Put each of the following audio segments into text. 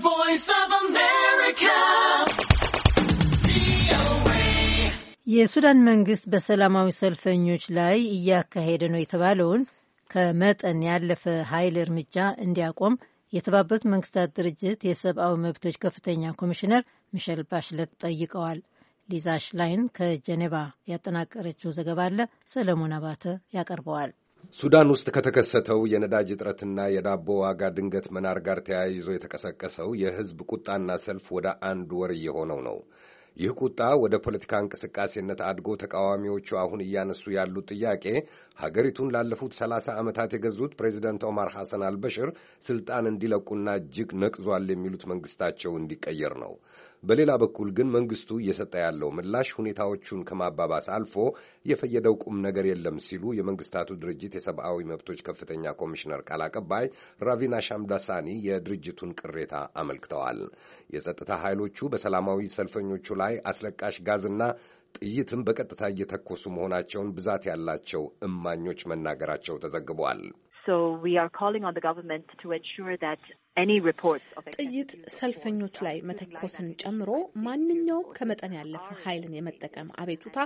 Voice of America. የሱዳን መንግስት በሰላማዊ ሰልፈኞች ላይ እያካሄደ ነው የተባለውን ከመጠን ያለፈ ኃይል እርምጃ እንዲያቆም የተባበሩት መንግስታት ድርጅት የሰብአዊ መብቶች ከፍተኛ ኮሚሽነር ሚሸል ባሽለት ጠይቀዋል። ሊዛ ሽላይን ከጀኔቫ ያጠናቀረችው ዘገባ አለ። ሰለሞን አባተ ያቀርበዋል። ሱዳን ውስጥ ከተከሰተው የነዳጅ እጥረትና የዳቦ ዋጋ ድንገት መናር ጋር ተያይዞ የተቀሰቀሰው የሕዝብ ቁጣና ሰልፍ ወደ አንድ ወር እየሆነው ነው። ይህ ቁጣ ወደ ፖለቲካ እንቅስቃሴነት አድጎ ተቃዋሚዎቹ አሁን እያነሱ ያሉት ጥያቄ ሀገሪቱን ላለፉት ሰላሳ ዓመታት የገዙት ፕሬዚደንት ኦማር ሐሰን አልበሽር ስልጣን እንዲለቁና እጅግ ነቅዟል የሚሉት መንግስታቸው እንዲቀየር ነው። በሌላ በኩል ግን መንግስቱ እየሰጠ ያለው ምላሽ ሁኔታዎቹን ከማባባስ አልፎ የፈየደው ቁም ነገር የለም ሲሉ የመንግስታቱ ድርጅት የሰብአዊ መብቶች ከፍተኛ ኮሚሽነር ቃል አቀባይ ራቪና ሻምዳሳኒ የድርጅቱን ቅሬታ አመልክተዋል። የጸጥታ ኃይሎቹ በሰላማዊ ሰልፈኞቹ ላይ አስለቃሽ ጋዝና ጥይትም በቀጥታ እየተኮሱ መሆናቸውን ብዛት ያላቸው እማኞች መናገራቸው ተዘግቧል። ጥይት ሰልፈኞች ላይ መተኮስን ጨምሮ ማንኛውም ከመጠን ያለፈ ኃይልን የመጠቀም አቤቱታ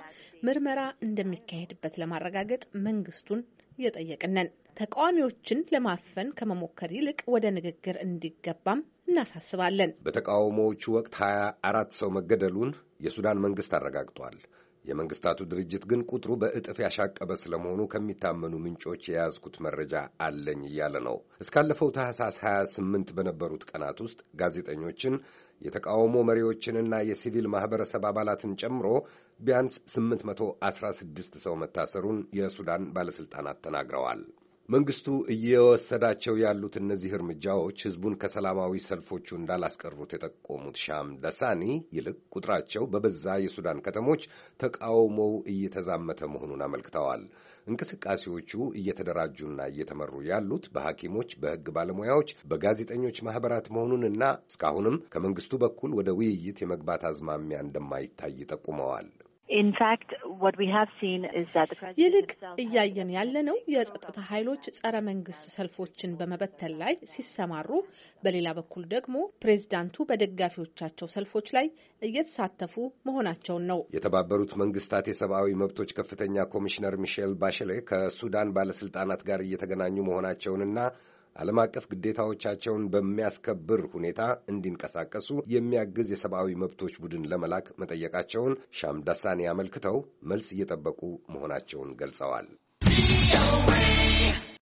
ምርመራ እንደሚካሄድበት ለማረጋገጥ መንግስቱን እየጠየቅን ነን። ተቃዋሚዎችን ለማፈን ከመሞከር ይልቅ ወደ ንግግር እንዲገባም እናሳስባለን። በተቃውሞዎቹ ወቅት ሀያ አራት ሰው መገደሉን የሱዳን መንግስት አረጋግጧል። የመንግስታቱ ድርጅት ግን ቁጥሩ በእጥፍ ያሻቀበ ስለመሆኑ ከሚታመኑ ምንጮች የያዝኩት መረጃ አለኝ እያለ ነው። እስካለፈው ታህሳስ 28 በነበሩት ቀናት ውስጥ ጋዜጠኞችን፣ የተቃውሞ መሪዎችንና የሲቪል ማኅበረሰብ አባላትን ጨምሮ ቢያንስ 816 ሰው መታሰሩን የሱዳን ባለሥልጣናት ተናግረዋል። መንግስቱ እየወሰዳቸው ያሉት እነዚህ እርምጃዎች ህዝቡን ከሰላማዊ ሰልፎቹ እንዳላስቀሩት የጠቆሙት ሻም ደሳኒ ይልቅ ቁጥራቸው በበዛ የሱዳን ከተሞች ተቃውሞው እየተዛመተ መሆኑን አመልክተዋል። እንቅስቃሴዎቹ እየተደራጁና እየተመሩ ያሉት በሐኪሞች፣ በህግ ባለሙያዎች፣ በጋዜጠኞች ማኅበራት መሆኑንና እስካሁንም ከመንግስቱ በኩል ወደ ውይይት የመግባት አዝማሚያ እንደማይታይ ጠቁመዋል። ይልቅ እያየን ያለነው የጸጥታ ኃይሎች ጸረ መንግስት ሰልፎችን በመበተል ላይ ሲሰማሩ፣ በሌላ በኩል ደግሞ ፕሬዝዳንቱ በደጋፊዎቻቸው ሰልፎች ላይ እየተሳተፉ መሆናቸውን ነው። የተባበሩት መንግስታት የሰብአዊ መብቶች ከፍተኛ ኮሚሽነር ሚሼል ባሽሌ ከሱዳን ባለስልጣናት ጋር እየተገናኙ መሆናቸውንና ዓለም አቀፍ ግዴታዎቻቸውን በሚያስከብር ሁኔታ እንዲንቀሳቀሱ የሚያግዝ የሰብአዊ መብቶች ቡድን ለመላክ መጠየቃቸውን ሻምዳሳኒ አመልክተው መልስ እየጠበቁ መሆናቸውን ገልጸዋል።